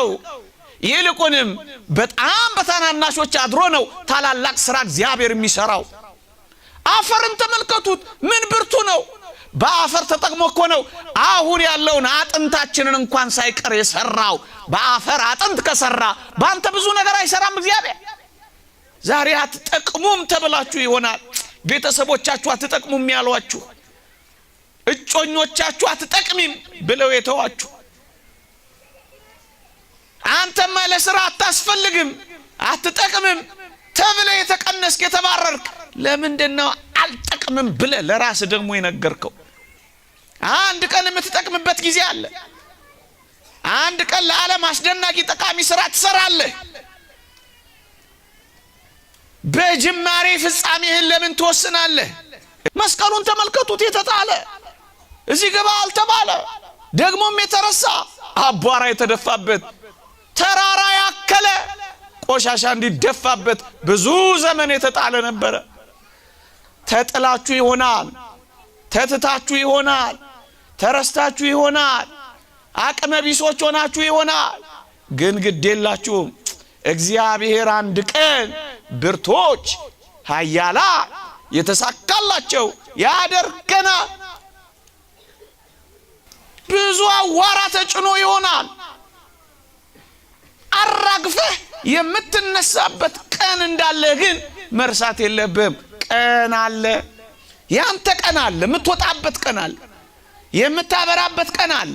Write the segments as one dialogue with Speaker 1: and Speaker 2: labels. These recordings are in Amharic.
Speaker 1: የሚያውቀው ይልቁንም በጣም በታናናሾች አድሮ ነው ታላላቅ ስራ እግዚአብሔር የሚሰራው። አፈርን ተመልከቱት፣ ምን ብርቱ ነው! በአፈር ተጠቅሞ እኮ ነው አሁን ያለውን አጥንታችንን እንኳን ሳይቀር የሰራው። በአፈር አጥንት ከሰራ በአንተ ብዙ ነገር አይሰራም እግዚአብሔር። ዛሬ አትጠቅሙም ተብላችሁ ይሆናል ቤተሰቦቻችሁ አትጠቅሙም ያሏችሁ፣ እጮኞቻችሁ አትጠቅሚም ብለው የተዋችሁ አንተማ ለስራ አታስፈልግም፣ አትጠቅምም ተብለ የተቀነስክ የተባረርክ ለምንድን ነው አልጠቅምም ብለ ለራስ ደግሞ የነገርከው? አንድ ቀን የምትጠቅምበት ጊዜ አለ። አንድ ቀን ለዓለም አስደናቂ ጠቃሚ ስራ ትሰራለህ። በጅማሬ ፍጻሜህን ለምን ትወስናለህ? መስቀሉን ተመልከቱት። የተጣለ እዚህ ግባ አልተባለ ደግሞም የተረሳ አቧራ የተደፋበት ተራራ ያከለ ቆሻሻ እንዲደፋበት ብዙ ዘመን የተጣለ ነበረ። ተጥላችሁ ይሆናል፣ ተትታችሁ ይሆናል፣ ተረስታችሁ ይሆናል፣ አቅመ ቢሶች ሆናችሁ ይሆናል። ግን ግድ የላችሁም። እግዚአብሔር አንድ ቀን ብርቶች ኃያላ የተሳካላቸው ያደርገናል። ብዙ አዋራ ተጭኖ ይሆናል። አራግፈህ የምትነሳበት ቀን እንዳለ ግን መርሳት የለብህም። ቀን አለ፣ ያንተ ቀን አለ፣ የምትወጣበት ቀን አለ፣ የምታበራበት ቀን አለ፣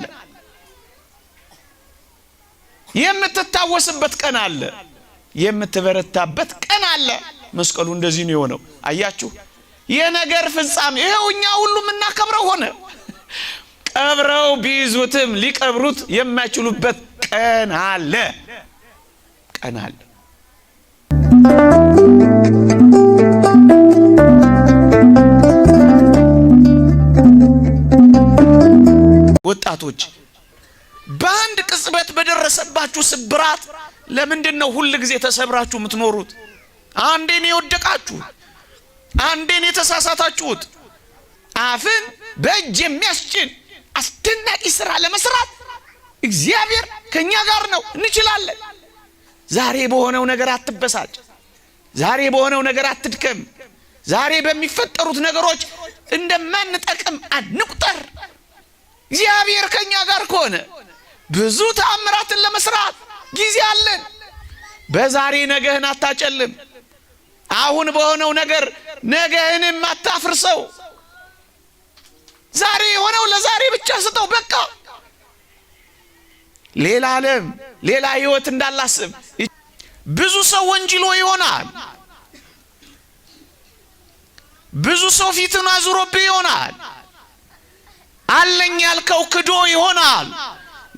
Speaker 1: የምትታወስበት ቀን አለ፣ የምትበረታበት ቀን አለ። መስቀሉ እንደዚህ ነው የሆነው። አያችሁ የነገር ፍጻሜ ይኸው። እኛ ሁሉ የምናከብረው ሆነ። ቀብረው ቢይዙትም ሊቀብሩት የማይችሉበት ቀን አለ። ቀናል። ወጣቶች በአንድ ቅጽበት በደረሰባችሁ ስብራት ለምንድን ነው ሁል ጊዜ ተሰብራችሁ የምትኖሩት? አንዴን የወደቃችሁት፣ አንዴን የተሳሳታችሁት አፍን በእጅ የሚያስጭን አስደናቂ ስራ ለመስራት እግዚአብሔር ከእኛ ጋር ነው። እንችላለን። ዛሬ በሆነው ነገር አትበሳጭ። ዛሬ በሆነው ነገር አትድከም። ዛሬ በሚፈጠሩት ነገሮች እንደማንጠቅም አንቁጠር። እግዚአብሔር ከእኛ ጋር ከሆነ ብዙ ተአምራትን ለመስራት ጊዜ አለን። በዛሬ ነገህን አታጨልም። አሁን በሆነው ነገር ነገህንም አታፍርሰው። ዛሬ የሆነው ለዛሬ ብቻ ስጠው። በቃ ሌላ ዓለም ሌላ ህይወት እንዳላስብ ብዙ ሰው ወንጅሎ ይሆናል። ብዙ ሰው ፊትን አዙሮብህ ይሆናል። አለኝ ያልከው ክዶ ይሆናል።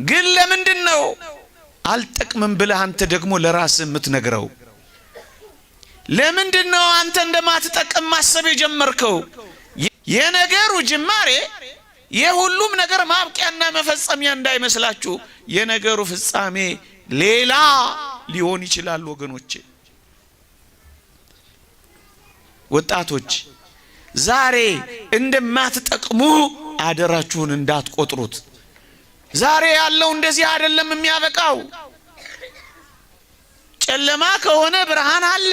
Speaker 1: ግን ለምንድን ነው አልጠቅምም ብለህ አንተ ደግሞ ለራስህ የምትነግረው? ለምንድን ነው አንተ እንደማትጠቅም ማሰብ የጀመርከው? የነገሩ ጅማሬ የሁሉም ነገር ማብቂያና መፈጸሚያ እንዳይመስላችሁ የነገሩ ፍጻሜ ሌላ ሊሆን ይችላል ወገኖቼ ወጣቶች ዛሬ እንደማትጠቅሙ አደራችሁን እንዳትቆጥሩት ዛሬ ያለው እንደዚህ አይደለም የሚያበቃው ጨለማ ከሆነ ብርሃን አለ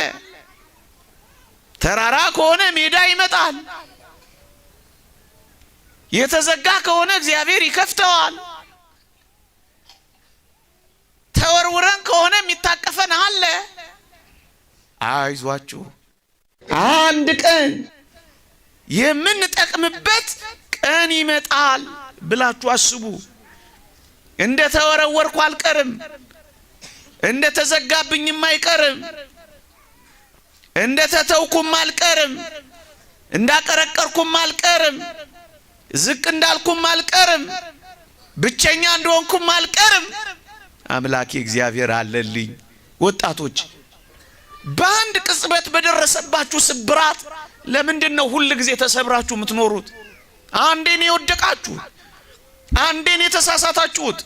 Speaker 1: ተራራ ከሆነ ሜዳ ይመጣል የተዘጋ ከሆነ እግዚአብሔር ይከፍተዋል። ተወርውረን ከሆነ የሚታቀፈን አለ። አይዟችሁ አንድ ቀን የምንጠቅምበት ቀን ይመጣል ብላችሁ አስቡ። እንደ ተወረወርኩ አልቀርም፣ እንደ ተዘጋብኝም አይቀርም፣ እንደ ተተውኩም አልቀርም፣ እንዳቀረቀርኩም አልቀርም። ዝቅ እንዳልኩም አልቀርም፣ ብቸኛ እንደሆንኩም አልቀርም። አምላኬ እግዚአብሔር አለልኝ። ወጣቶች በአንድ ቅጽበት በደረሰባችሁ ስብራት ለምንድን ነው ሁል ጊዜ ተሰብራችሁ የምትኖሩት? አንዴን የወደቃችሁት፣ አንዴን የተሳሳታችሁት፣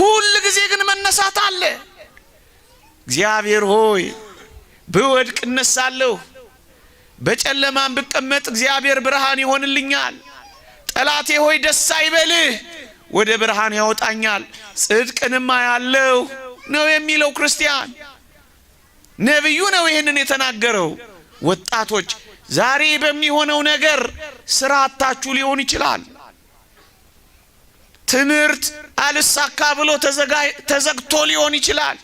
Speaker 1: ሁል ጊዜ ግን መነሳት አለ። እግዚአብሔር ሆይ ብወድቅ እነሳለሁ፣ በጨለማም ብቀመጥ እግዚአብሔር ብርሃን ይሆንልኛል። ጠላቴ ሆይ ደስ አይበልህ፣ ወደ ብርሃን ያወጣኛል፣ ጽድቅንም አያለሁ ነው የሚለው ክርስቲያን። ነቢዩ ነው ይህንን የተናገረው። ወጣቶች ዛሬ በሚሆነው ነገር ስራ አታችሁ ሊሆን ይችላል። ትምህርት አልሳካ ብሎ ተዘግቶ ሊሆን ይችላል።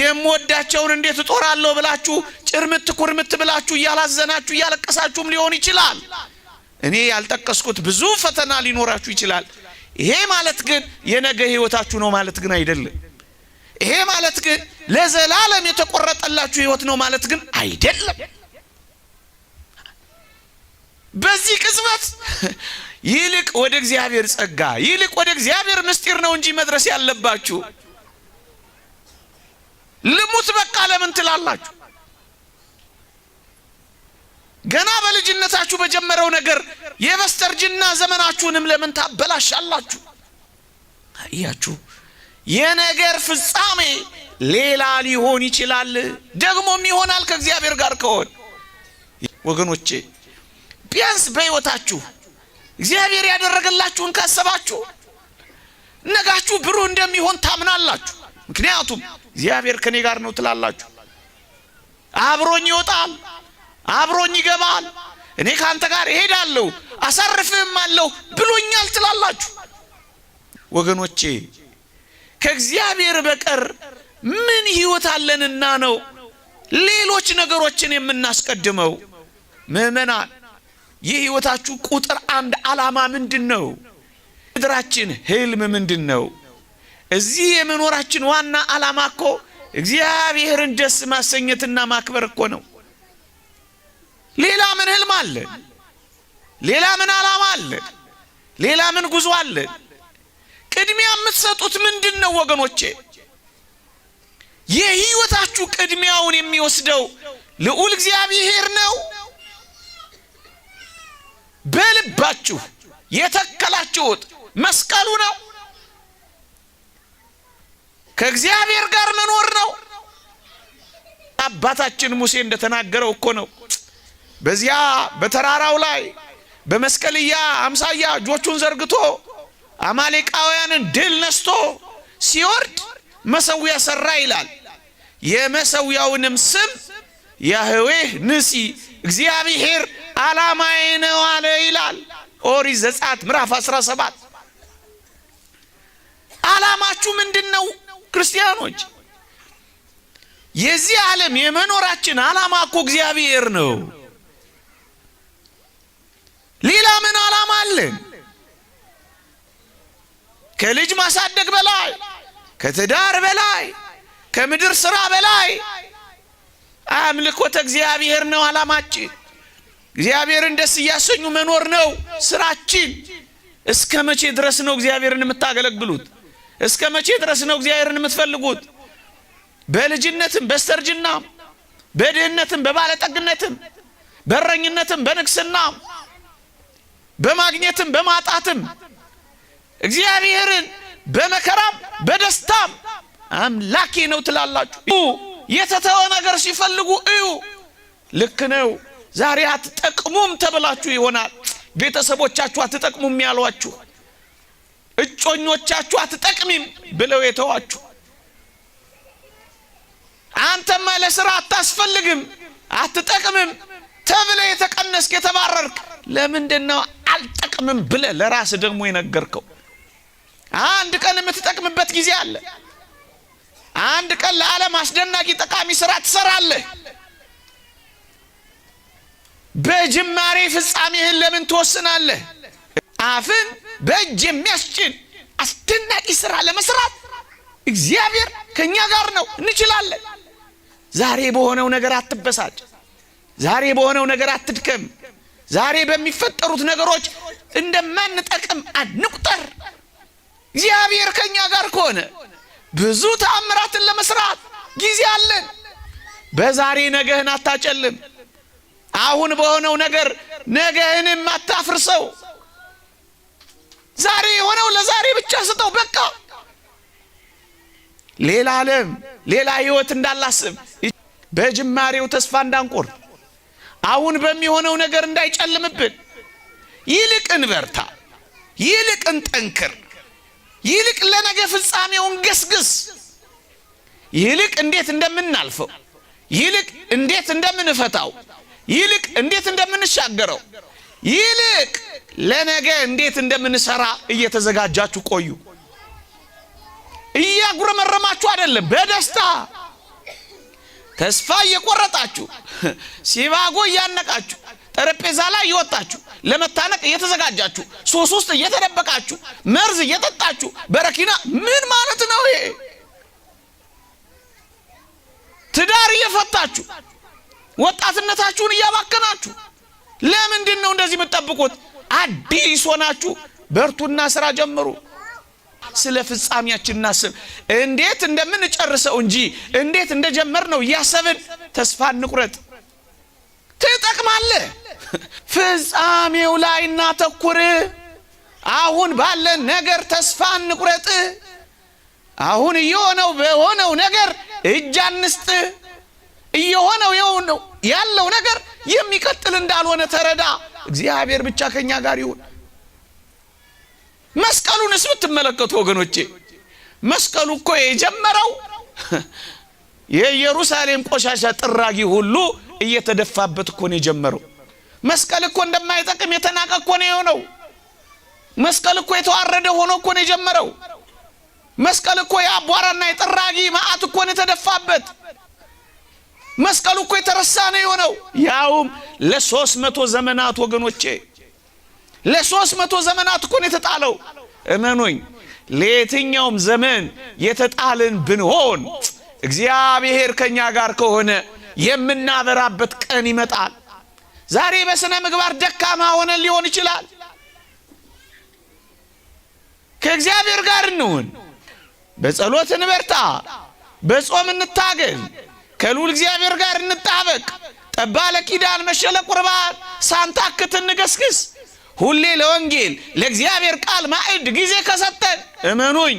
Speaker 1: የምወዳቸውን እንዴት እጦራለሁ ብላችሁ ጭርምት ኩርምት ብላችሁ እያላዘናችሁ እያለቀሳችሁም ሊሆን ይችላል። እኔ ያልጠቀስኩት ብዙ ፈተና ሊኖራችሁ ይችላል። ይሄ ማለት ግን የነገ ህይወታችሁ ነው ማለት ግን አይደለም። ይሄ ማለት ግን ለዘላለም የተቆረጠላችሁ ህይወት ነው ማለት ግን አይደለም። በዚህ ቅጽበት ይልቅ ወደ እግዚአብሔር ጸጋ፣ ይልቅ ወደ እግዚአብሔር ምስጢር ነው እንጂ መድረስ ያለባችሁ። ልሙት በቃ ለምን ትላላችሁ? ገና በልጅነታችሁ በጀመረው ነገር የበስተርጅና ዘመናችሁንም ለምን ታበላሻላችሁ? አያችሁ፣ የነገር ፍጻሜ ሌላ ሊሆን ይችላል፣ ደግሞም ይሆናል ከእግዚአብሔር ጋር ከሆን ወገኖቼ፣ ቢያንስ በሕይወታችሁ እግዚአብሔር ያደረገላችሁን ካሰባችሁ ነጋችሁ ብሩህ እንደሚሆን ታምናላችሁ። ምክንያቱም እግዚአብሔር ከኔ ጋር ነው ትላላችሁ። አብሮኝ ይወጣል አብሮኝ ይገባል፣ እኔ ከአንተ ጋር እሄዳለሁ፣ አሳርፍህም አለሁ ብሎኛል ትላላችሁ። ወገኖቼ ከእግዚአብሔር በቀር ምን ህይወት አለንና ነው ሌሎች ነገሮችን የምናስቀድመው? ምእመናን የህይወታችሁ ቁጥር አንድ ዓላማ ምንድን ነው? ምድራችን ህልም ምንድን ነው? እዚህ የመኖራችን ዋና ዓላማ እኮ እግዚአብሔርን ደስ ማሰኘትና ማክበር እኮ ነው። ሌላ ምን ህልም አለ? ሌላ ምን አላማ አለ? ሌላ ምን ጉዞ አለ? ቅድሚያ የምትሰጡት ምንድን ነው ወገኖቼ? የህይወታችሁ ቅድሚያውን የሚወስደው ልዑል እግዚአብሔር ነው። በልባችሁ የተከላችሁት መስቀሉ ነው። ከእግዚአብሔር ጋር መኖር ነው። አባታችን ሙሴ እንደተናገረው እኮ ነው። በዚያ በተራራው ላይ በመስቀልያ አምሳያ እጆቹን ዘርግቶ አማሌቃውያንን ድል ነስቶ ሲወርድ መሰዊያ ሰራ ይላል። የመሰዊያውንም ስም ያህዌህ ንሲ እግዚአብሔር ዓላማዬ ነው አለ ይላል። ኦሪት ዘጸአት ምዕራፍ 17 ዓላማችሁ ምንድን ነው ክርስቲያኖች? የዚህ ዓለም የመኖራችን ዓላማ እኮ እግዚአብሔር ነው። ሌላ ምን አላማ አለን? ከልጅ ማሳደግ በላይ ከትዳር በላይ ከምድር ስራ በላይ አምልኮተ እግዚአብሔር ነው አላማችን እግዚአብሔርን ደስ እያሰኙ መኖር ነው ስራችን። እስከ መቼ ድረስ ነው እግዚአብሔርን የምታገለግሉት? እስከ መቼ ድረስ ነው እግዚአብሔርን የምትፈልጉት? በልጅነትም በስተርጅናም በድህነትም በባለጠግነትም በረኝነትም በንግስናም በማግኘትም በማጣትም እግዚአብሔርን በመከራም በደስታም አምላኬ ነው ትላላችሁ። የተተወ ነገር ሲፈልጉ እዩ። ልክ ነው። ዛሬ አትጠቅሙም ተብላችሁ ይሆናል። ቤተሰቦቻችሁ አትጠቅሙም ያሏችሁ፣ እጮኞቻችሁ አትጠቅሚም ብለው የተዋችሁ፣ አንተማ ለስራ አታስፈልግም አትጠቅምም ተብለ የተቀነስክ የተባረርክ ለምንድን ነው? አልጠቅምም ብለ ለራስ ደግሞ የነገርከው አንድ ቀን የምትጠቅምበት ጊዜ አለ። አንድ ቀን ለዓለም አስደናቂ ጠቃሚ ስራ ትሰራለህ። በጅማሬ ፍጻሜህን ለምን ትወስናለህ? አፍን በእጅ የሚያስጭን አስደናቂ ስራ ለመስራት እግዚአብሔር ከእኛ ጋር ነው፣ እንችላለን። ዛሬ በሆነው ነገር አትበሳጭ። ዛሬ በሆነው ነገር አትድከም። ዛሬ በሚፈጠሩት ነገሮች እንደማንጠቅም አንቁጠር። እግዚአብሔር ከእኛ ጋር ከሆነ ብዙ ተአምራትን ለመስራት ጊዜ አለን። በዛሬ ነገህን አታጨልም። አሁን በሆነው ነገር ነገህንም አታፍርሰው። ዛሬ የሆነው ለዛሬ ብቻ ስጠው። በቃ ሌላ ዓለም ሌላ ህይወት እንዳላስብ በጅማሬው ተስፋ እንዳንቆር አሁን በሚሆነው ነገር እንዳይጨልምብን፣ ይልቅ እንበርታ፣ ይልቅ እንጠንክር፣ ይልቅ ለነገ ፍጻሜውን ገስግስ፣ ይልቅ እንዴት እንደምናልፈው፣ ይልቅ እንዴት እንደምንፈታው፣ ይልቅ እንዴት እንደምንሻገረው፣ ይልቅ ለነገ እንዴት እንደምንሰራ እየተዘጋጃችሁ ቆዩ። እያጉረመረማችሁ አይደለም፣ በደስታ ተስፋ እየቆረጣችሁ ሲባጎ እያነቃችሁ ጠረጴዛ ላይ እየወጣችሁ ለመታነቅ እየተዘጋጃችሁ ሶስት ውስጥ እየተደበቃችሁ መርዝ እየጠጣችሁ በረኪና ምን ማለት ነው ይሄ? ትዳር እየፈታችሁ ወጣትነታችሁን እያባከናችሁ ለምንድን ነው እንደዚህ የምትጠብቁት? አዲስ ሆናችሁ በርቱና ስራ ጀምሩ። ስለ ፍጻሜያችን እናስብ። እንዴት እንደምንጨርሰው እንጂ እንዴት እንደጀመርነው እያሰብን ተስፋ እንቁረጥ። ትጠቅማለህ። ፍጻሜው ላይ እናተኩር። አሁን ባለን ነገር ተስፋ እንቁረጥ። አሁን እየሆነው በሆነው ነገር እጅ አንስጥ። እየሆነው ያለው ነገር የሚቀጥል እንዳልሆነ ተረዳ። እግዚአብሔር ብቻ ከኛ ጋር ይሁን። መስቀሉንስ ብትመለከቱ ወገኖቼ መስቀሉ እኮ የጀመረው የኢየሩሳሌም ቆሻሻ ጥራጊ ሁሉ እየተደፋበት እኮ ነው የጀመረው። መስቀል እኮ እንደማይጠቅም የተናቀ እኮ ነው የሆነው። መስቀል እኮ የተዋረደ ሆኖ እኮ ነው የጀመረው። መስቀል እኮ የአቧራና የጥራጊ መዓት እኮ ነው የተደፋበት። መስቀሉ እኮ የተረሳ ነው የሆነው፣ ያውም ለሶስት መቶ ዘመናት ወገኖቼ ለሶስት መቶ ዘመናት እኮ ነው የተጣለው። እመኑኝ ለየትኛውም ዘመን የተጣልን ብንሆን እግዚአብሔር ከእኛ ጋር ከሆነ የምናበራበት ቀን ይመጣል። ዛሬ በሥነ ምግባር ደካማ ሆነን ሊሆን ይችላል። ከእግዚአብሔር ጋር እንሁን፣ በጸሎት እንበርታ፣ በጾም እንታገል፣ ከልዑል እግዚአብሔር ጋር እንጣበቅ። ጠባለ ኪዳን መሸለ ቁርባን ሳንታክት እንገስግስ። ሁሌ ለወንጌል ለእግዚአብሔር ቃል ማዕድ ጊዜ ከሰጠን እመኑኝ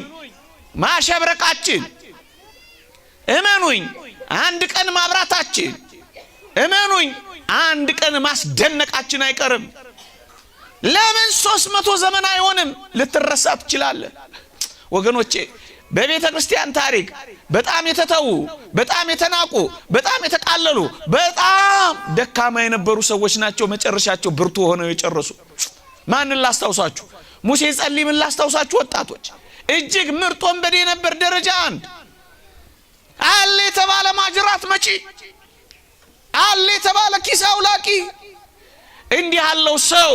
Speaker 1: ማሸብረቃችን፣ እመኑኝ አንድ ቀን ማብራታችን፣ እመኑኝ አንድ ቀን ማስደነቃችን አይቀርም። ለምን ሶስት መቶ ዘመን አይሆንም። ልትረሳ ትችላለህ ወገኖቼ። በቤተ ክርስቲያን ታሪክ በጣም የተተዉ በጣም የተናቁ በጣም የተቃለሉ በጣም ደካማ የነበሩ ሰዎች ናቸው መጨረሻቸው ብርቱ ሆነው የጨረሱ ማንን ላስታውሳችሁ? ሙሴ ምን ላስታውሳችሁ? ወጣቶች እጅግ ምርጥ ወንበዴ ነበር። ደረጃ አንድ አለ የተባለ ማጅራት መጪ፣ አለ የተባለ ኪስ አውላቂ። እንዲህ ያለው ሰው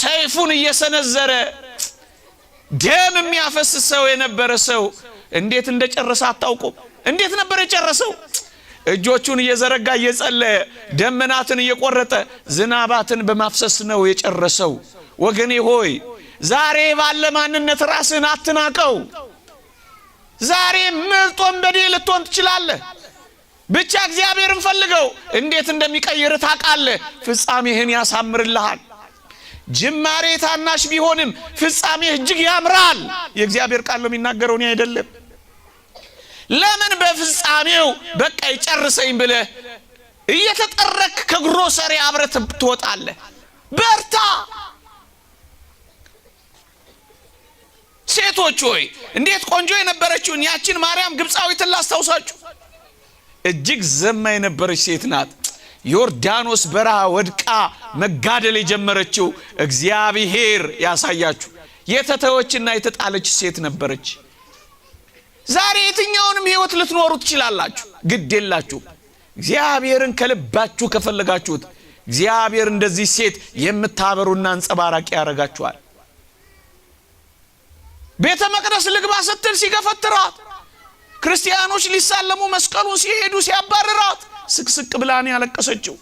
Speaker 1: ሰይፉን እየሰነዘረ ደም የሚያፈስ ሰው የነበረ ሰው እንዴት እንደጨረሰ አታውቁም። እንዴት ነበር የጨረሰው? እጆቹን እየዘረጋ እየጸለየ ደመናትን እየቆረጠ ዝናባትን በማፍሰስ ነው የጨረሰው። ወገኔ ሆይ ዛሬ ባለ ማንነት ራስህን አትናቀው። ዛሬ ምርጥ ወንበዴ ልትሆን ትችላለህ። ብቻ እግዚአብሔርን ፈልገው፣ እንዴት እንደሚቀይር ታውቃለህ። ፍጻሜህን ያሳምርልሃል። ጅማሬ ታናሽ ቢሆንም ፍጻሜህ እጅግ ያምራል። የእግዚአብሔር ቃል ነው የሚናገረው፣ እኔ አይደለም። ለምን በፍጻሜው በቃ ይጨርሰኝ ብለ እየተጠረክ ከግሮሰሪ አብረት ትወጣለህ? በርታ። ሴቶች ሆይ እንዴት ቆንጆ የነበረችውን ያችን ማርያም ግብፃዊትን ላስታውሳችሁ። እጅግ ዘማ የነበረች ሴት ናት። ዮርዳኖስ በረሃ ወድቃ መጋደል የጀመረችው እግዚአብሔር ያሳያችሁ። የተተወችና የተጣለች ሴት ነበረች። ዛሬ የትኛውንም ህይወት ልትኖሩ ትችላላችሁ። ግድ የላችሁ። እግዚአብሔርን ከልባችሁ ከፈለጋችሁት እግዚአብሔር እንደዚህ ሴት የምታበሩና አንጸባራቂ ያደርጋችኋል። ቤተ መቅደስ ልግባ ስትል ሲገፈትራት፣ ክርስቲያኖች ሊሳለሙ መስቀሉን ሲሄዱ ሲያባርራት፣ ስቅስቅ ብላን ያለቀሰችው።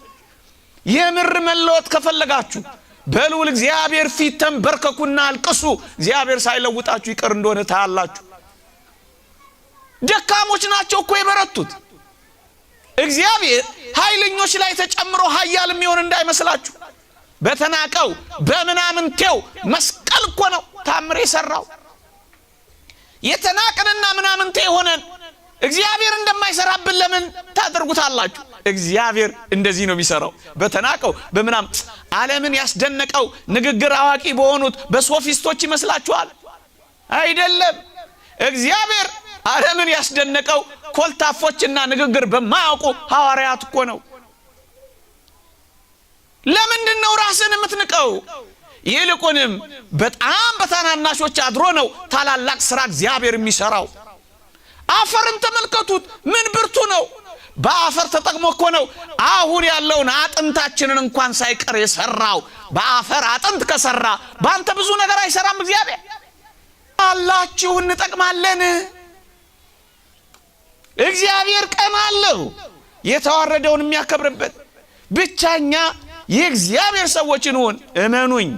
Speaker 1: የምር መለወጥ ከፈለጋችሁ በልውል እግዚአብሔር ፊት ተንበርከኩና አልቅሱ። እግዚአብሔር ሳይለውጣችሁ ይቀር እንደሆነ ታያላችሁ። ደካሞች ናቸው እኮ የበረቱት። እግዚአብሔር ኃይለኞች ላይ ተጨምሮ ኃያል የሚሆን እንዳይመስላችሁ። በተናቀው በምናምንቴው መስቀል እኮ ነው ታምር የሰራው። የተናቅንና ምናምንቴ የሆነን እግዚአብሔር እንደማይሰራብን ለምን ታደርጉታላችሁ? እግዚአብሔር እንደዚህ ነው የሚሰራው። በተናቀው በምናም ዓለምን ያስደነቀው ንግግር አዋቂ በሆኑት በሶፊስቶች ይመስላችኋል? አይደለም። እግዚአብሔር አረምን ያስደነቀው ኮልታፎችና ንግግር በማያውቁ ሐዋርያት እኮ ነው። ለምንድን ነው ራስን የምትንቀው? ይልቁንም በጣም በታናናሾች አድሮ ነው ታላላቅ ስራ እግዚአብሔር የሚሰራው። አፈርን ተመልከቱት፣ ምን ብርቱ ነው! በአፈር ተጠቅሞ እኮ ነው አሁን ያለውን አጥንታችንን እንኳን ሳይቀር የሰራው። በአፈር አጥንት ከሰራ በአንተ ብዙ ነገር አይሰራም እግዚአብሔር አላችሁ እንጠቅማለን እግዚአብሔር ቀን አለው የተዋረደውን የሚያከብርበት። ብቻኛ የእግዚአብሔር ሰዎች እንሁን። እመኑኝ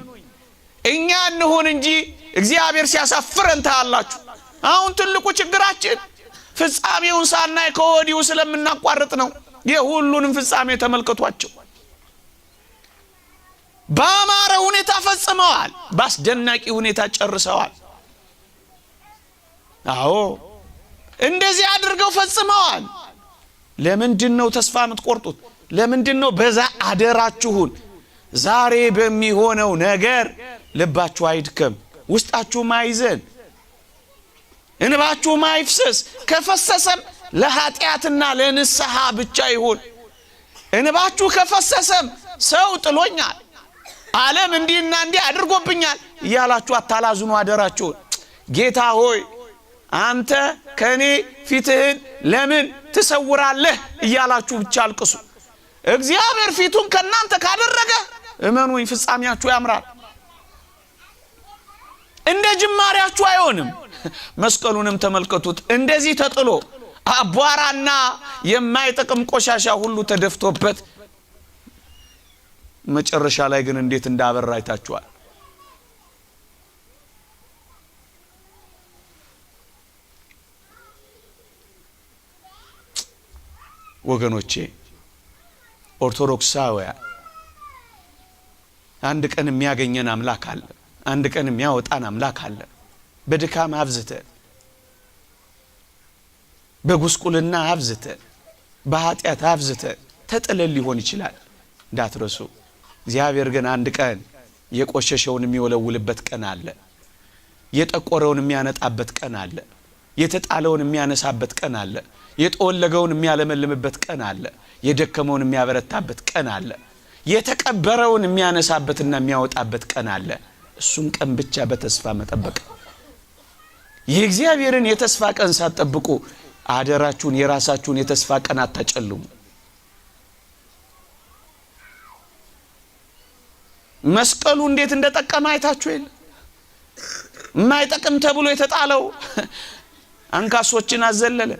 Speaker 1: እኛ እንሁን እንጂ እግዚአብሔር ሲያሳፍረን ታያላችሁ። አሁን ትልቁ ችግራችን ፍጻሜውን ሳናይ ከወዲሁ ስለምናቋርጥ ነው። የሁሉንም ፍጻሜ ተመልክቷቸው በአማረ ሁኔታ ፈጽመዋል። በአስደናቂ ሁኔታ ጨርሰዋል። አዎ እንደዚህ አድርገው ፈጽመዋል። ለምንድን ነው ተስፋ የምትቆርጡት? ለምንድን ነው በዛ አደራችሁን ዛሬ በሚሆነው ነገር ልባችሁ አይድከም፣ ውስጣችሁ ማይዘን እንባችሁ አይፍሰስ። ከፈሰሰም ለኃጢአትና ለንስሐ ብቻ ይሁን። እንባችሁ ከፈሰሰም ሰው ጥሎኛል፣ ዓለም እንዲህና እንዲህ አድርጎብኛል እያላችሁ አታላዝኑ አደራችሁን። ጌታ ሆይ አንተ ከእኔ ፊትህን ለምን ትሰውራለህ እያላችሁ ብቻ አልቅሱ። እግዚአብሔር ፊቱን ከእናንተ ካደረገ እመኑኝ ፍጻሜያችሁ ያምራል። እንደ ጅማሬያችሁ አይሆንም። መስቀሉንም ተመልከቱት። እንደዚህ ተጥሎ አቧራና የማይጠቅም ቆሻሻ ሁሉ ተደፍቶበት መጨረሻ ላይ ግን እንዴት እንዳበራ አይታችኋል። ወገኖቼ ኦርቶዶክሳውያን አንድ ቀን የሚያገኘን አምላክ አለ። አንድ ቀን የሚያወጣን አምላክ አለ። በድካም አብዝተን፣ በጉስቁልና አብዝተን፣ በኃጢአት አብዝተን ተጥለን ሊሆን ይችላል እንዳትረሱ። እግዚአብሔር ግን አንድ ቀን የቆሸሸውን የሚወለውልበት ቀን አለ። የጠቆረውን የሚያነጣበት ቀን አለ። የተጣለውን የሚያነሳበት ቀን አለ። የጠወለገውን የሚያለመልምበት ቀን አለ። የደከመውን የሚያበረታበት ቀን አለ። የተቀበረውን የሚያነሳበትና የሚያወጣበት ቀን አለ። እሱን ቀን ብቻ በተስፋ መጠበቅ። የእግዚአብሔርን የተስፋ ቀን ሳትጠብቁ አደራችሁን የራሳችሁን የተስፋ ቀን አታጨልሙ። መስቀሉ እንዴት እንደጠቀመ አይታችሁ የለ? የማይጠቅም ተብሎ የተጣለው አንካሶችን አዘለለ።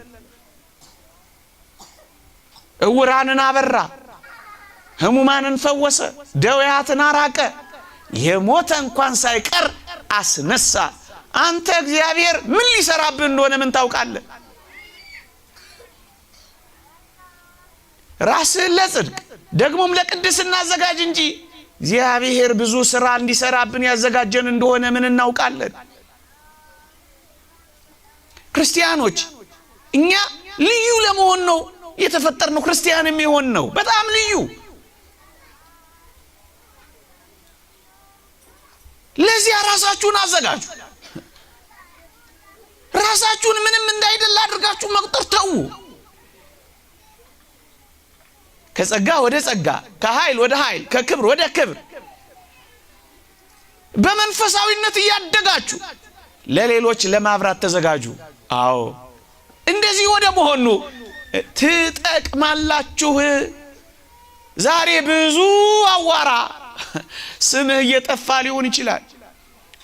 Speaker 1: እውራንን አበራ፣ ሕሙማንን ፈወሰ፣ ደውያትን አራቀ፣ የሞተ እንኳን ሳይቀር አስነሳ። አንተ እግዚአብሔር ምን ሊሰራብህ እንደሆነ ምን ታውቃለህ? ራስህን ለጽድቅ ደግሞም ለቅድስና አዘጋጅ እንጂ እግዚአብሔር ብዙ ስራ እንዲሰራብን ያዘጋጀን እንደሆነ ምን እናውቃለን? ክርስቲያኖች እኛ ልዩ ለመሆን ነው የተፈጠርነው ክርስቲያን የሚሆን ነው። በጣም ልዩ ለዚያ ራሳችሁን አዘጋጁ። ራሳችሁን ምንም እንዳይደለ አድርጋችሁ መቁጠር ተዉ። ከጸጋ ወደ ጸጋ፣ ከኃይል ወደ ኃይል፣ ከክብር ወደ ክብር በመንፈሳዊነት እያደጋችሁ ለሌሎች ለማብራት ተዘጋጁ። አዎ እንደዚህ ወደ መሆኑ ትጠቅማላችሁ። ዛሬ ብዙ አዋራ ስምህ እየጠፋ ሊሆን ይችላል።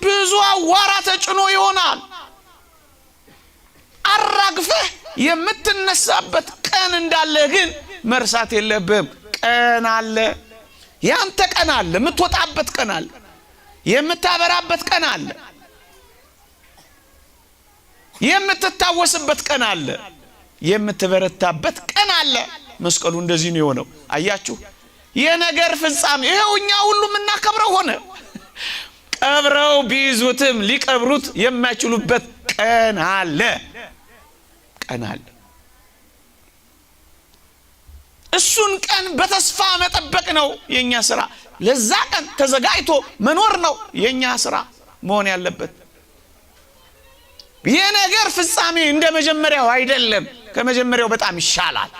Speaker 1: ብዙ አዋራ ተጭኖ ይሆናል። አራግፈህ የምትነሳበት ቀን እንዳለ ግን መርሳት የለብህም። ቀን አለ፣ ያንተ ቀን አለ፣ የምትወጣበት ቀን አለ፣ የምታበራበት ቀን አለ፣ የምትታወስበት ቀን አለ። የምትበረታበት ቀን አለ። መስቀሉ እንደዚህ ነው የሆነው። አያችሁ የነገር ፍጻሜ ይኸው። እኛ ሁሉ የምናከብረው ሆነ። ቀብረው ቢይዙትም ሊቀብሩት የማይችሉበት ቀን አለ፣ ቀን አለ። እሱን ቀን በተስፋ መጠበቅ ነው የእኛ ስራ። ለዛ ቀን ተዘጋጅቶ መኖር ነው የእኛ ስራ መሆን ያለበት። የነገር ፍጻሜ እንደ መጀመሪያው አይደለም። ከመጀመሪያው በጣም ይሻላል።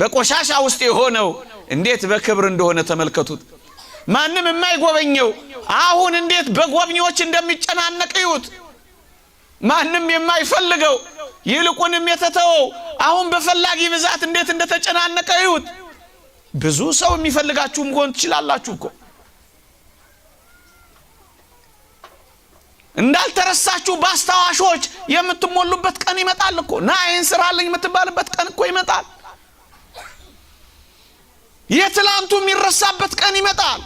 Speaker 1: በቆሻሻ ውስጥ የሆነው እንዴት በክብር እንደሆነ ተመልከቱት። ማንም የማይጎበኘው አሁን እንዴት በጎብኚዎች እንደሚጨናነቅ ማንም የማይፈልገው ይልቁንም የተተወው አሁን በፈላጊ ብዛት እንዴት እንደተጨናነቀ እዩት። ብዙ ሰው የሚፈልጋችሁም መሆን ትችላላችሁ እኮ እንዳልተረሳችሁ በአስታዋሾች የምትሞሉበት ቀን ይመጣል እኮ ና ይህን ስራልኝ የምትባልበት ቀን እኮ ይመጣል። የትላንቱ የሚረሳበት ቀን ይመጣል።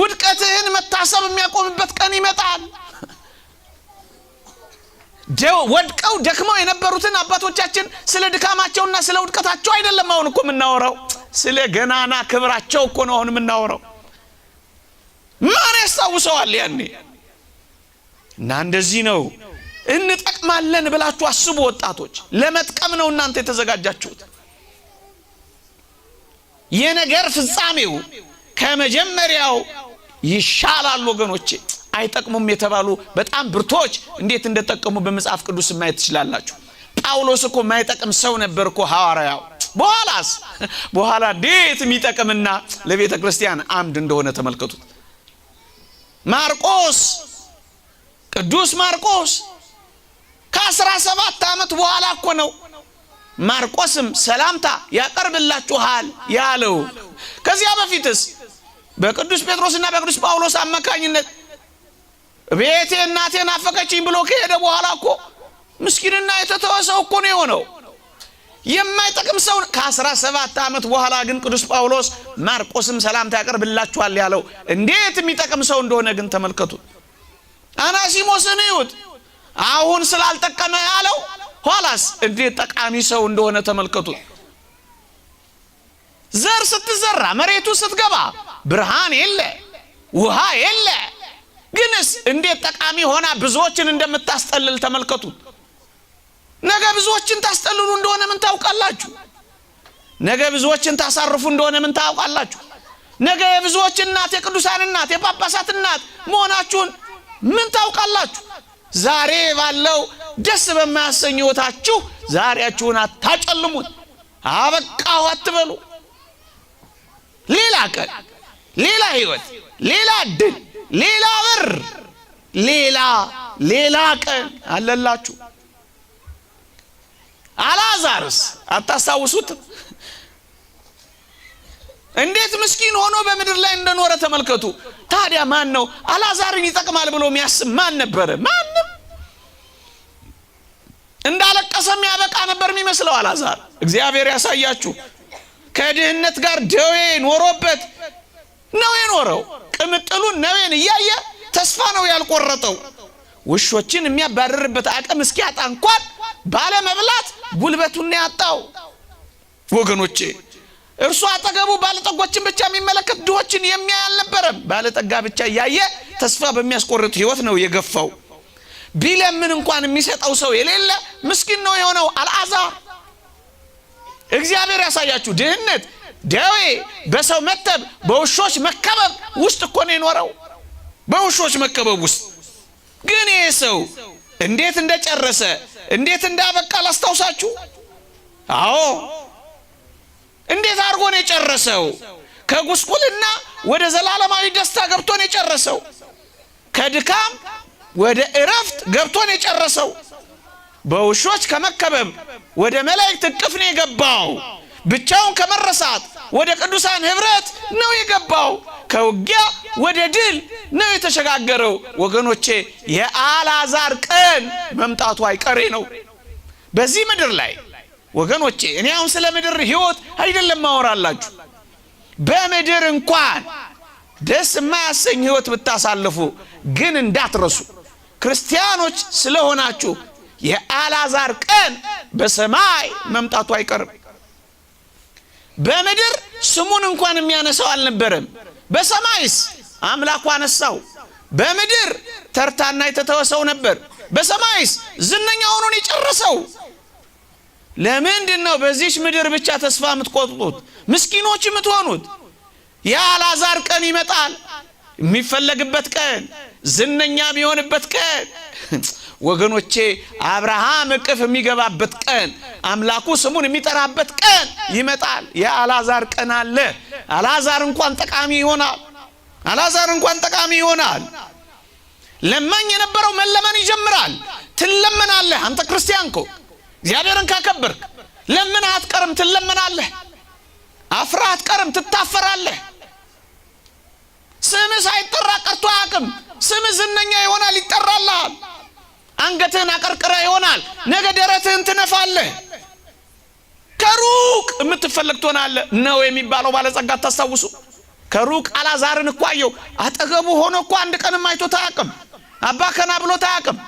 Speaker 1: ውድቀትህን መታሰብ የሚያቆምበት ቀን ይመጣል። ወድቀው ደክመው የነበሩትን አባቶቻችን ስለ ድካማቸውና ስለ ውድቀታቸው አይደለም አሁን እኮ የምናወራው፣ ስለ ገናና ክብራቸው እኮ ነው አሁን የምናወራው። ያስታውሰዋል ያኔ እና እንደዚህ ነው እንጠቅማለን ብላችሁ አስቡ ወጣቶች ለመጥቀም ነው እናንተ የተዘጋጃችሁት የነገር ፍጻሜው ከመጀመሪያው ይሻላል ወገኖቼ አይጠቅሙም የተባሉ በጣም ብርቶች እንዴት እንደጠቀሙ በመጽሐፍ ቅዱስ ማየት ትችላላችሁ ጳውሎስ እኮ ማይጠቅም ሰው ነበር እኮ ሐዋርያው በኋላስ በኋላ እንዴት የሚጠቅምና ለቤተ ክርስቲያን አምድ እንደሆነ ተመልከቱት ማርቆስ ቅዱስ ማርቆስ ከአስራ ሰባት ዓመት በኋላ እኮ ነው ማርቆስም ሰላምታ ያቀርብላችኋል ያለው። ከዚያ በፊትስ በቅዱስ ጴጥሮስና በቅዱስ ጳውሎስ አማካኝነት ቤቴ እናቴ ናፈቀችኝ ብሎ ከሄደ በኋላ እኮ ምስኪንና የተተወሰው እኮ ነው የሆነው። የማይጠቅም ሰው ከአስራ ሰባት ዓመት በኋላ ግን ቅዱስ ጳውሎስ ማርቆስም ሰላምታ ያቀርብላችኋል ያለው እንዴት የሚጠቅም ሰው እንደሆነ ግን ተመልከቱ። አናሲሞስን እዩት። አሁን ስላልጠቀመ ያለው ኋላስ እንዴት ጠቃሚ ሰው እንደሆነ ተመልከቱ። ዘር ስትዘራ መሬቱ ስትገባ ብርሃን የለ፣ ውሃ የለ፣ ግንስ እንዴት ጠቃሚ ሆና ብዙዎችን እንደምታስጠልል ተመልከቱ። ነገ ብዙዎችን ታስጠልሉ እንደሆነ ምን ታውቃላችሁ? ነገ ብዙዎችን ታሳርፉ እንደሆነ ምን ታውቃላችሁ? ነገ የብዙዎች እናት የቅዱሳን እናት የጳጳሳት እናት መሆናችሁን ምን ታውቃላችሁ? ዛሬ ባለው ደስ በማያሰኝ ሕይወታችሁ ዛሬያችሁን አታጨልሙት። አበቃሁ አትበሉ። ሌላ ቀን፣ ሌላ ሕይወት፣ ሌላ እድል፣ ሌላ ብር፣ ሌላ ሌላ ቀን አለላችሁ። አላዛርስ አታስታውሱትም? እንዴት ምስኪን ሆኖ በምድር ላይ እንደኖረ ተመልከቱ። ታዲያ ማን ነው አላዛርን ይጠቅማል ብሎ የሚያስብ ማን ነበረ? ማንም። እንዳለቀሰ የሚያበቃ ነበር የሚመስለው አላዛር እግዚአብሔር ያሳያችሁ። ከድህነት ጋር ደዌ ኖሮበት ነው የኖረው። ቅምጥሉን ነዌን እያየ ተስፋ ነው ያልቆረጠው። ውሾችን የሚያባርርበት አቅም እስኪያጣ እንኳን ባለመብላት ጉልበቱን ያጣው ወገኖቼ እርሱ አጠገቡ ባለጠጎችን ብቻ የሚመለከት ድሆችን የሚያይ አልነበረም። ባለጠጋ ብቻ እያየ ተስፋ በሚያስቆርጥ ህይወት ነው የገፋው። ቢለምን እንኳን የሚሰጠው ሰው የሌለ ምስኪን ነው የሆነው አልአዛ እግዚአብሔር ያሳያችሁ። ድህነት፣ ደዌ፣ በሰው መተብ፣ በውሾች መከበብ ውስጥ እኮ ነው የኖረው። በውሾች መከበብ ውስጥ ግን ይህ ሰው እንዴት እንደጨረሰ እንዴት እንዳበቃ ላስታውሳችሁ። አዎ እንዴት አድርጎ ነው የጨረሰው? ከጉስቁልና ወደ ዘላለማዊ ደስታ ገብቶ ነው የጨረሰው። ከድካም ወደ እረፍት ገብቶ ነው የጨረሰው። በውሾች ከመከበብ ወደ መላእክት እቅፍ ነው የገባው። ብቻውን ከመረሳት ወደ ቅዱሳን ህብረት ነው የገባው። ከውጊያ ወደ ድል ነው የተሸጋገረው። ወገኖቼ የአላዛር ቀን መምጣቱ አይቀሬ ነው። በዚህ ምድር ላይ ወገኖቼ እኔ አሁን ስለ ምድር ህይወት አይደለም ማወራላችሁ። በምድር እንኳን ደስ የማያሰኝ ህይወት ብታሳልፉ ግን እንዳትረሱ ክርስቲያኖች ስለሆናችሁ የአላዛር ቀን በሰማይ መምጣቱ አይቀርም። በምድር ስሙን እንኳን የሚያነሳው አልነበረም። በሰማይስ አምላኩ አነሳው። በምድር ተርታና የተተወሰው ነበር፣ በሰማይስ ዝነኛ ሆኖን የጨረሰው። ለምንድን ነው በዚች ምድር ብቻ ተስፋ የምትቆጥጡት ምስኪኖች የምትሆኑት? የአልዓዛር ቀን ይመጣል፣ የሚፈለግበት ቀን፣ ዝነኛ የሚሆንበት ቀን ወገኖቼ አብርሃም እቅፍ የሚገባበት ቀን አምላኩ ስሙን የሚጠራበት ቀን ይመጣል። የአላዛር ቀን አለ። አላዛር እንኳን ጠቃሚ ይሆናል። አላዛር እንኳን ጠቃሚ ይሆናል። ለማኝ የነበረው መለመን ይጀምራል። ትለመናለህ። አንተ ክርስቲያን ኮ እግዚአብሔርን ካከበርክ ለምን አትቀርም? ትለመናለህ። አፍራ አትቀርም፣ ትታፈራለህ። ስምህ ሳይጠራ ቀርቶ አያውቅም። ስምህ ዝነኛ ይሆናል፣ ይጠራልሃል። አንገትህን አቀርቅረ ይሆናል። ነገ ደረትህን ትነፋለህ። ከሩቅ የምትፈለግ ትሆናለህ ነው የሚባለው። ባለጸጋ ታስታውሱ። ከሩቅ አላዛርን እኮ አየው። አጠገቡ ሆኖ እኮ አንድ ቀንም አይቶት አያውቅም። አባ ከና ብሎት አያውቅም።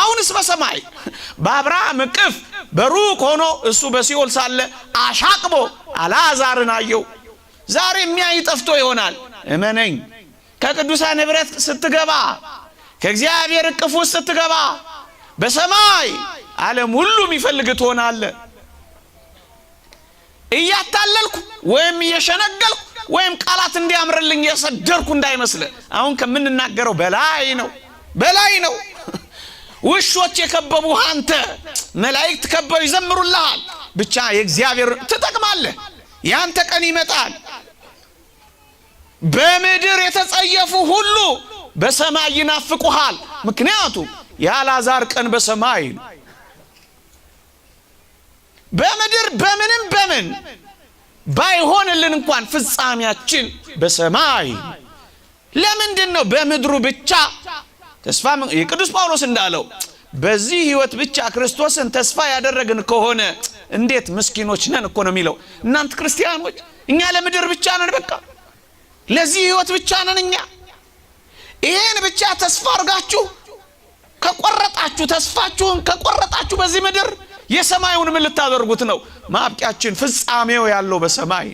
Speaker 1: አሁንስ በሰማይ በአብርሃም እቅፍ በሩቅ ሆኖ እሱ በሲኦል ሳለ አሻቅቦ አላዛርን አየው። ዛሬ የሚያይ ጠፍቶ ይሆናል። እመነኝ ከቅዱሳን ኅብረት ስትገባ ከእግዚአብሔር እቅፍ ውስጥ ስትገባ በሰማይ ዓለም ሁሉ የሚፈልግ ትሆናለ። እያታለልኩ ወይም እየሸነገልኩ ወይም ቃላት እንዲያምርልኝ የሰደርኩ እንዳይመስለ። አሁን ከምንናገረው በላይ ነው፣ በላይ ነው። ውሾች የከበቡ አንተ መላእክት ከበው ይዘምሩልሃል። ብቻ የእግዚአብሔር ትጠቅማለህ። ያንተ ቀን ይመጣል። በምድር የተጸየፉ ሁሉ በሰማይ ይናፍቁሃል። ምክንያቱም የአልዓዛር ቀን በሰማይ ነው። በምድር በምንም በምን ባይሆንልን እንኳን ፍጻሜያችን በሰማይ ለምንድን ነው በምድሩ ብቻ ተስፋ የቅዱስ ጳውሎስ እንዳለው በዚህ ህይወት ብቻ ክርስቶስን ተስፋ ያደረግን ከሆነ እንዴት ምስኪኖች ነን እኮ ነው የሚለው። እናንተ ክርስቲያኖች እኛ ለምድር ብቻ ነን፣ በቃ ለዚህ ህይወት ብቻ ነን እኛ ይህን ብቻ ተስፋ አድርጋችሁ ከቆረጣችሁ ተስፋችሁን ከቆረጣችሁ በዚህ ምድር የሰማዩን ምን ልታደርጉት ነው? ማብቂያችን ፍጻሜው ያለው በሰማይ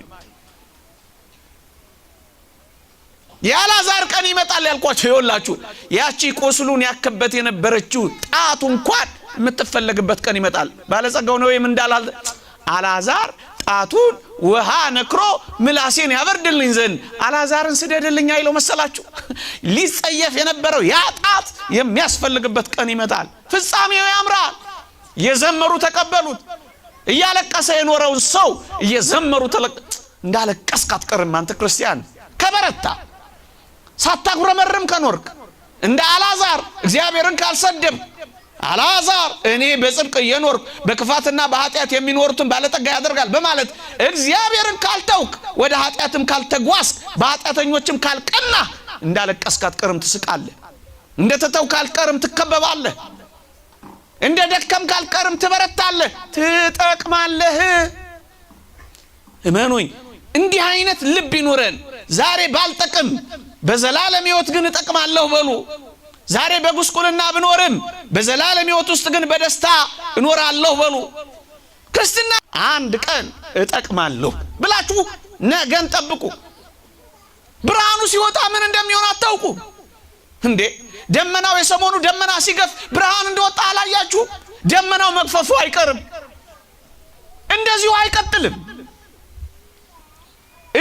Speaker 1: የአልዓዛር ቀን ይመጣል ያልኳቸው ይወላችሁ ያቺ ቁስሉን ያከበት የነበረችው ጣቱ እንኳን የምትፈለግበት ቀን ይመጣል። ባለጸጋው ነው ወይም እንዳላል አላዛር ጣቱን ውሃ ነክሮ ምላሴን ያበርድልኝ ዘንድ አላዛርን ስደድልኝ አይለው መሰላችሁ? ሊጸየፍ የነበረው ያ ጣት የሚያስፈልግበት ቀን ይመጣል። ፍጻሜው ያምራል። የዘመሩ ተቀበሉት። እያለቀሰ የኖረውን ሰው እየዘመሩ እንዳለቀስክ አትቀርም አንተ ክርስቲያን ከበረታ ሳታጉረመርም ከኖርክ እንደ አላዛር እግዚአብሔርን ካልሰደብ አልዓዛር እኔ በጽድቅ እየኖርኩ በክፋትና በኃጢአት የሚኖሩትን ባለጠጋ ያደርጋል በማለት እግዚአብሔርን ካልተውክ፣ ወደ ኃጢአትም ካልተጓዝክ፣ በኃጢአተኞችም ካልቀና እንዳለቀስክ አትቀርም ትስቃለህ። እንደ ተተውክ አልቀርም ትከበባለህ። እንደ ደከም ካልቀርም ትበረታለህ፣ ትጠቅማለህ። እመኑኝ፣ እንዲህ አይነት ልብ ይኑረን። ዛሬ ባልጠቅም በዘላለም ህይወት ግን እጠቅማለሁ በሉ። ዛሬ በጉስቁልና ብኖርም በዘላለም ሕይወት ውስጥ ግን በደስታ እኖራለሁ በሉ። ክርስትና አንድ ቀን እጠቅማለሁ ብላችሁ ነገን ጠብቁ። ብርሃኑ ሲወጣ ምን እንደሚሆን አታውቁ እንዴ? ደመናው የሰሞኑ ደመና ሲገፍ ብርሃን እንደወጣ አላያችሁ? ደመናው መግፈፉ አይቀርም። እንደዚሁ አይቀጥልም።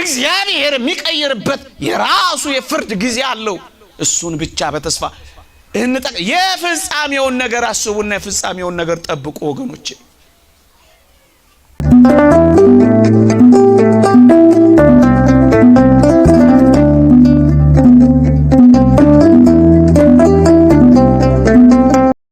Speaker 1: እግዚአብሔር የሚቀይርበት የራሱ የፍርድ ጊዜ አለው። እሱን ብቻ በተስፋ እንጠቅ የፍጻሜውን ነገር አስቡና የፍጻሜውን ነገር ጠብቁ ወገኖቼ።